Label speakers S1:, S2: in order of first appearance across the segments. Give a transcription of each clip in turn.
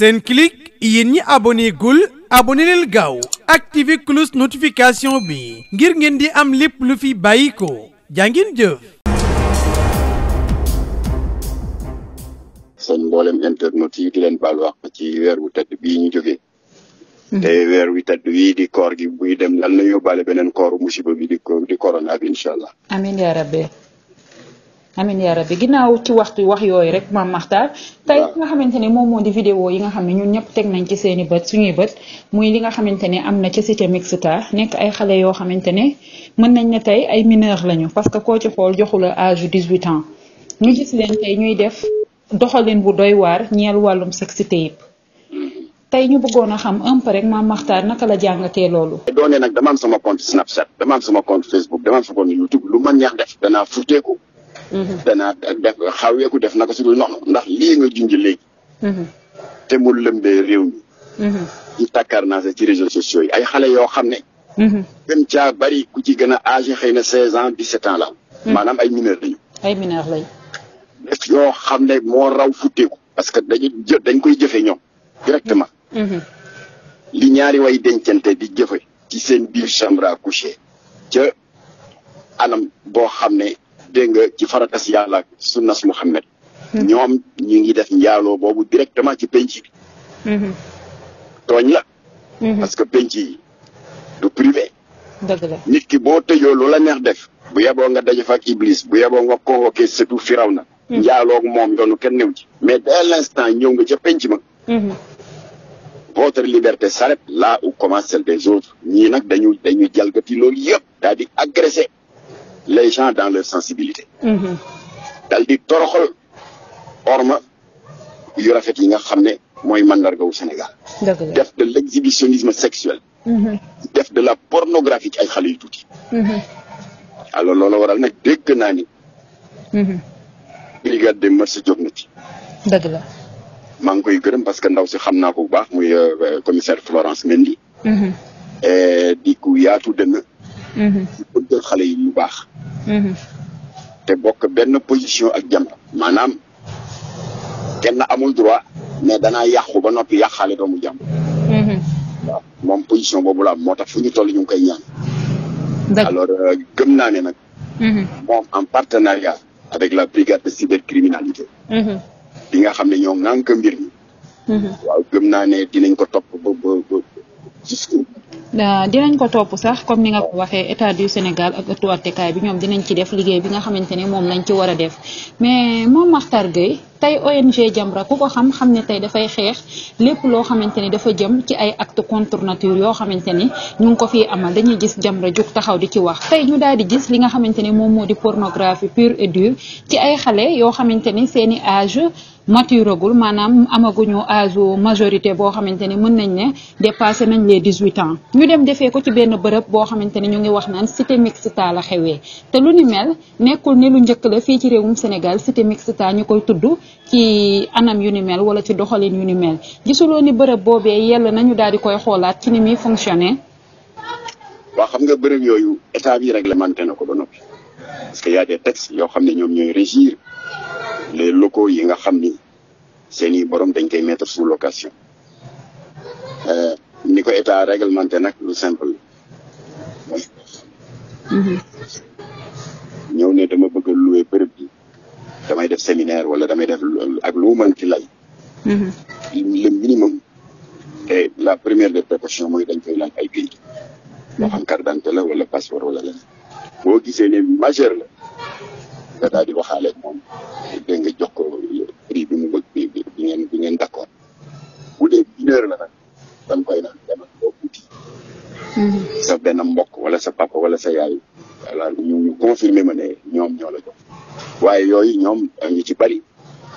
S1: Senclic yéen ñi abonné gul abonné leen gaaw activé cloche notification bi ngir ngeen di am lépp lu fi bàyyi ko jàngin jëf.
S2: seen mboolem internet yi di leen baal wax ci weer wu tedd bii ñu jógee.
S1: Mm-hmm. te
S2: weer wi tedd wii di koor gi buy dem lan la yóbbaale beneen kooru musiba bi di ko bi incha allah.
S1: amiin amin yaa bi ginnaaw ci waxtu wax yooyu rek maam Maxtaar tey nga xamante ne moom moo di vidéo yi nga xam ne ñun ñëpp teg nañ ci seeni bët suñuy bët muy li nga xamante ne am na ca cité Mixta nekk ay xale yoo xamante ne mën nañ ne tey ay mineur lañu parce que koo ci xool joxu la âge dix huit ans ñu gis leen tey ñuy def doxalin bu doy waar ñeel wàllum sexité yëpp tey ñu bëggoon a xam un peu rek maam Maxtaar naka la jàng jàngatee loolu.
S2: doone nag dama am sama compte Snapchat dama am sama compte Facebook dama Mm-hmm. dana def xaweeku def naka su dul noonu ndax li nga junj léegi. Mm-hmm. te mu lëmbee rew mi. Mm-hmm. ñu takkaar naa ci réseaux sociaux yi ay xale yoo xam ne. gën caa bari ku ci gën a âgé xëy na seize ans dix sept ans la maanaam ay mineur lañu.
S1: ay mineur lañu.
S2: def xam ne moo raw futteeku parce que dañu jë dañ koy jëfe ñoom directement. li ñaari way dencante di jëfe ci seen biir chambre à coucher ca anam boo xam ne. dégg nga ci faratas yàlla ak sunnas Muhammad hmm. ñoom ñu ngi def njaaloo boobu directement ci penc bi hmm. tooñ la hmm. parce que penc yi du privé dëgg boo tëjoo lu la neex def bu yeboo nga daje fa ak iblis bu yeboo nga convoqué surtout firaw na njaaloog moom yoonu kenn new ci mais dès l'instant ñëw nga ca penc ma votre liberté s'arrête là où commence celle des autres ñii nag dañu dañu jalgati loolu yëpp daal agressé les gens dans leur sensibilité. Mm-hmm. dal di toroxal orma yu rafet yi nga xam ne mooy mandarga wu Sénégal. def de l' sexuel. Mm-hmm. def de la pornographie ci ay xale yu tuuti. Mm-hmm. alors loolu waral nag dégg naa ni. brigade des mœurs jóg na ci. dëgg la. maa koy gërëm parce que ndaw si xam naa ko baax muy euh, commissaire Florence Mendy. di ku yaatu dënn bëggal mm-hmm. xale yi lu baax mm-hmm. te bokk benn position ak jàmm maanaam kenn amul droit mais danaa yàqu ba noppi yàqaale doomu jàmm mm-hmm. waaw moom position boobu la moo tax fu ñu toll ñu ngi koy ñaan alors euh, gëm naa ne nag moom en partenariat avec la brigade de cybercriminalité bi nga xam ne ñoo ŋànk mbir mi waaw gëm naa ne dinañ ko topp
S1: dinañ ko topp sax comme ni nga ko waxee état du Sénégal ak ëttu attekaay bi ñoom dinañ ci def liggéey bi nga xamante ne moom lañ ci war a def mais moom Makhtar Gueye tey ONG Jamra ku ko xam xam ne tey dafay xeex lépp loo xamante ni dafa jëm ci ay acte contre yoo xamante ni ñu ko fii amal dañuy gis Jamra jug taxaw di ci wax tey ñu daal di gis li nga xamante ni moom moo di pornographie pure et dure ci ay xale yoo xamante ni seeni âge maturagul maanaam amaguñu âge majorité boo xamante ni mën nañ ne dépassé nañ les dix huit ans ñu dem defee ko ci benn bërëb boo xamante ni ñu ngi wax naan cité mixta la xewee te lu ni mel nekkul ni lu njëkk la fii ci réewum Sénégal cité mixta ñu koy tudd ci anam yu ni mel wala ci doxalin yu ni mel gisuloo ni bërëb boobee yell nañu daal di koy xoolaat ci ni muy fonctionner.
S2: waaw xam nga bërëb yooyu état bi réglementé na ko ba noppi parce que y a des ne ñoom le locaux yi nga xam ni seeni i borom dañ koy mettre sous location euh, ni ko état réglementé nag lu simple mhm. ñëw ne dama bëgg a louer bërëb damay def séminaire wala damay def ak lu mën ci lay mhm. le minimum et la première des précautions mooy dañ koy laaj ay kayit moo xam carte d'identité la wala passeport wala leneen boo gisee ne majeur la nga daal di waxaale moom jox ko prix bi mu bëgg bi bi ngeen bi ngeen d' accord bu dee une heure la nag dañ koy naan demal boo uti mm-hmm. sa benn mbokk wala sa papa wala sa yaay voilà ñu ñu confirmer ma ne ñoom ñoo la jox waaye yooyu ñoom ñu ci bari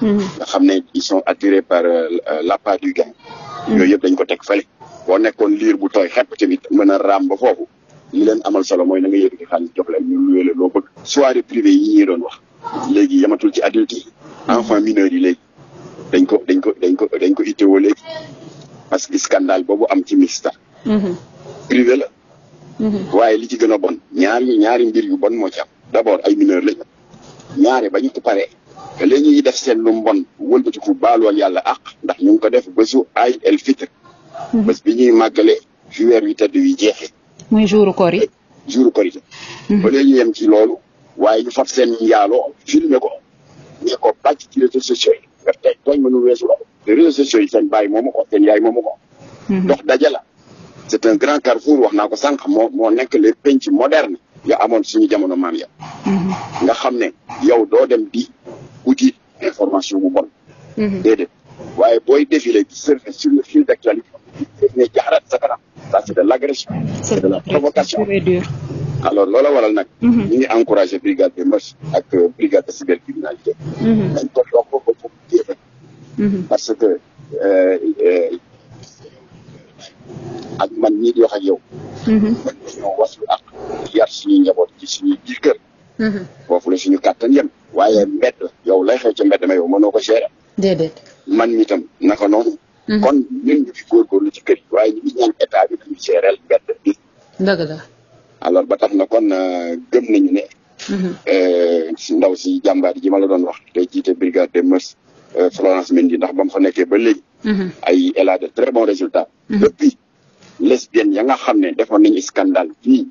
S2: mm-hmm. nga xam ne ils sont attirés par euh, euh, l'appât du gain mm-hmm. yooyu yëpp dañ ko teg fële boo nekkoon liir bu tooy xepp tamit mën a raam ba foofu li leen amal solo mooy na nga yëkkati xaalis jox leen ñu luwee la loo bëgg soirée privée yi ñuy doon wax léegi yamatul ci adulte yi enfant mineur yi léegi dañ ko dañ ko dañ ko dañ ko itteewoo léegi parce que scandale boobu am ci mixta mhm. privé la mhm. li ci gën a bon ñaari mbir yu bon moo ci am d'abord ay mineur lañu ñaare ba ñu ko paree li ñuy def seen lu mbon wëlbatiku baaloo yàlla ak ndax ñu ko def bésu ay el fitre mhm. bés bi ñuy màggale fi weer wi tedd yu jeexee
S1: muy jouru koor yi
S2: jouru koor yi ba léegi ñu yem ci loolu waaye ñu fab seen njaaloo filmé ko ñu ko bàcc ci réseaux sociaux yi nga tey tooñ mënul weesu loolu réseaux sociaux yi seen bàyyi moomu ko seen yaay moomu ko mhm. dox daje la c'est un grand carrefour wax naa ko sànq moo moo nekk les penc moderne ya amoon suñu jamono maam ya mhm. nga xam ne yow doo dem di uti information bu bon mhm. déedéet waaye booy défilé di surfer sur le fil d'actualité ne jaxarat sa kanam c'est de l'agression c'est de la provocation alors loola waral nag. Mhm. ñu ngi brigade de mœurs ak brigade mhm. mhm. parce que euh, euh, ak man ñii di wax ak yow. yar suñuy njaboot ci suñuy biir suñu kattan yem. waaye mbedd yow lay xew ci mbedd ma yow mënoo ko gérer. déedéet man mi tam naka noonu. kon ñun ñu ngi góorgóorlu ci kër waaye ñu ngi état bi dañuy gérer mbedd bi. dëgg la. alors ba tax na kon euh, gëm nañu ne. Mhm. Euh, ndaw si jàmbaar ji ma la doon wax tey jiite brigade des mœurs euh, Florence Mendy ndax ba mu fa ba léegi. Mhm. ay elle a de très bons résultats. Mhm. depuis lesbiennes ya nga xam ne defoon nañu scandale fii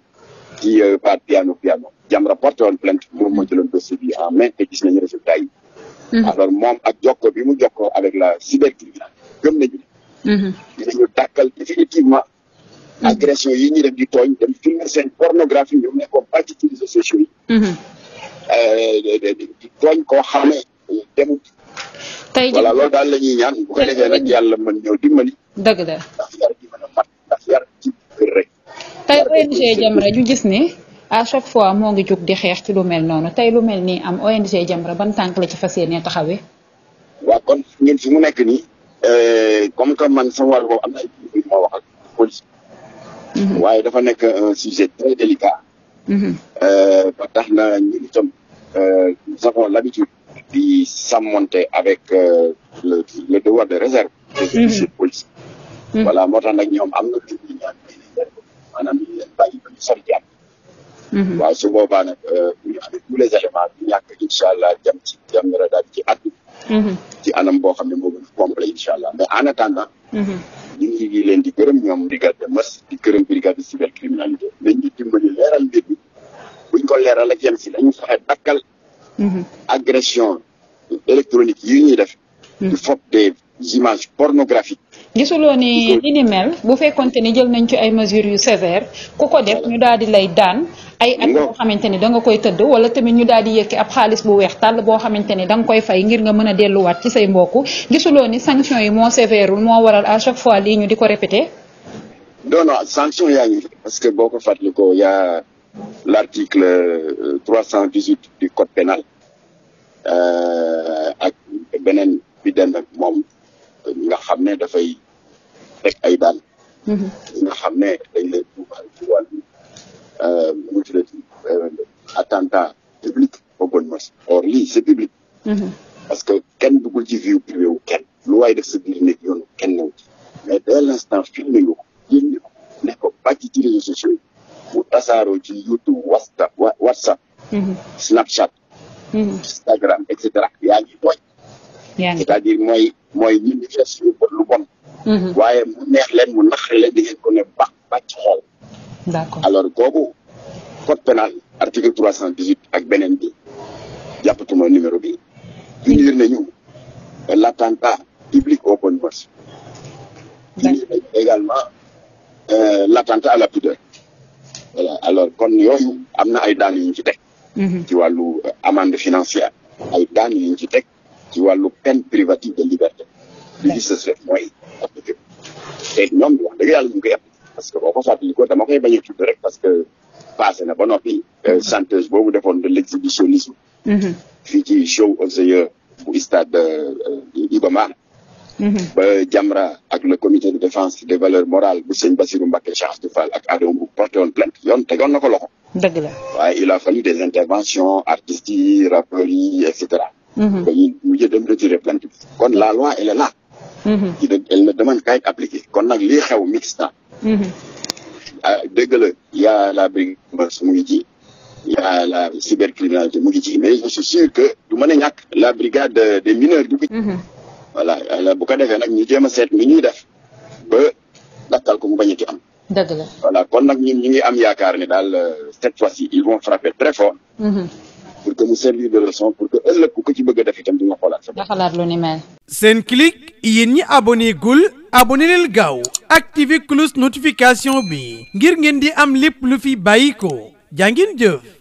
S2: ki par piano piano Jamra porté woon plainte moom moo jëloon dossier bi en main te gis nañu résultats yi. alors moom ak jokko bi mu jokkoo avec la cybercriminalité gëm nañu. dinañu dàkkal définitivement. agression yi ñuy def di tooñ dem filmer seen pornographie ñoom nekkoon bàcc ci réseaux sociaux yi. Mhm. Euh, di tooñ koo xam ne demut. tey voilà loolu daal la ñuy ñaan bu ko defee nag yàlla mën
S1: ñëw dimbali. dëgg la ndax yar gi mën a rek. ñu gis ne à chaque fois moo ngi jóg di xeex ci lu mel noonu tey lu mel nii am ONG Jamra ban tànk la ci fas yéenee taxawee.
S2: waaw kon ngeen fi mu nekk nii euh, comme que man sama wàll boobu am na ay kii bi ma wax ak police. Mm-hmm. waaye dafa nekk un sujet très délicat. Mm-hmm. Euh, ba tax na ñu itam euh, nous avons l'habitude di s'amonter avec euh, le le devoir de réserve. des mm-hmm. officiers de police. voilà moo tax nag ñoom am na lu ñu waaw su boobaa tous les éléments du ñàkk incha allah jam ci jam daal ci at ci anam boo xam ne moo gën a complet allah mais en attendant. ñu ngi di gërëm ñoom brigade de di gërëm brigade de cybercriminalité nañ ñu dimbali leeral mbir bi buñ ko leeral ak yem si dañu fexe dakkal mhm. agression électronique yi ñuy def mhm. di foog des images pornographiques
S1: gisuloo ni li ni mel bu fekkonte ni jël nañ ci ay mesures yu sévères ku ko def ñu daal di lay daan ay at boo xamante ni da nga koy tëdd wala tamit ñu daal di yëkki ab xaalis bu weex tàll boo xamante ni da nga koy fay ngir nga mën a delluwaat ci say mbokk gisuloo ni sanction yi moo u moo waral à chaque fois lii ñu di ko répété
S2: non non sanction yaa ngi parce que boo ko fàttalikoo yaa l'article euh, trois cent dix-huit du code pénal euh, ak beneen bi dem moom ñi nga xam ne dafay teg ay daan mhm. nga xam ne dañ leen tuumaal ci wàllu euh, mu tuddee ci euh, attentat public open mos or public mhm. parce que kenn duggul ci vie privée wu kenn lu waaye def sa biir nekk yoonu kenn new ci mais dès l'instant filmé ko génne ko ci réseaux sociaux yi mu ci YouTube WhatsApp mhm. Snapchat
S3: Instagram
S2: et c'est-à-dire mooy mooy ñi ñu geste yu bon lu bon. Mhm. waaye mu neex leen mu nax leen di ngeen ko ne baax bàcc xool. d'accord alors kooku code pénal article trois cent dix huit ak beneen bi jàppatuma numéro bi. punir nañu l'attentat public au bon mœurs. punir nañu également euh, la pudeur. voilà alors kon yooyu am na ay daan yu ñu ci teg. Mhm. ci wàllu euh, amende daan yu ñu ci teg ci privative de liberté. législation mooy appliqué te ñoom wax dëgg yàlla ñu ngi koy appliqué parce que boo ko fàttali ko dama koy bañ a tudd rek parce que passé na ba noppi chanteuse euh, boobu defoon de l'exhibitionnisme mm-hmm. fii ci show Orsayeur bu stade euh, Iba Mar mm-hmm. ba Jamra ak le comité de défense des valeurs morales bu sëñ Bassirou Mbacké Cheikh Fall ak Adam bu porté woon plainte tegoon na ko loxo la waaye il a des interventions artistes yi et cetera dañu mm-hmm. mujj dem retirer kon la loi elle est Mhm. il ne demande qu'à être appliqué kon nag lii xew mixta mhm. ah dëgg la yaa la brigade mu ngi ci yaa la cybercriminalité mu ngi ci mais je suis du mën a ñàkk la brigade des mineurs dugg mhm. voilà bu ko defee nag ñu jéem a seet mi ñuy def ba dakkal ko mu bañati am dëgg la voilà kon nag ñu ngi am yaakaar ne daal euh, cette fois-ci ils vont frapper très fort pour que mu servir
S1: ko ci bëgg a def itam di nga xoolaat sa bopp. nga xalaat lu ni mel. Senclic gul abonné leen gaaw activé notification bi ngir ngeen di am lépp lu fi bàyyi ko jaa ngeen jëf.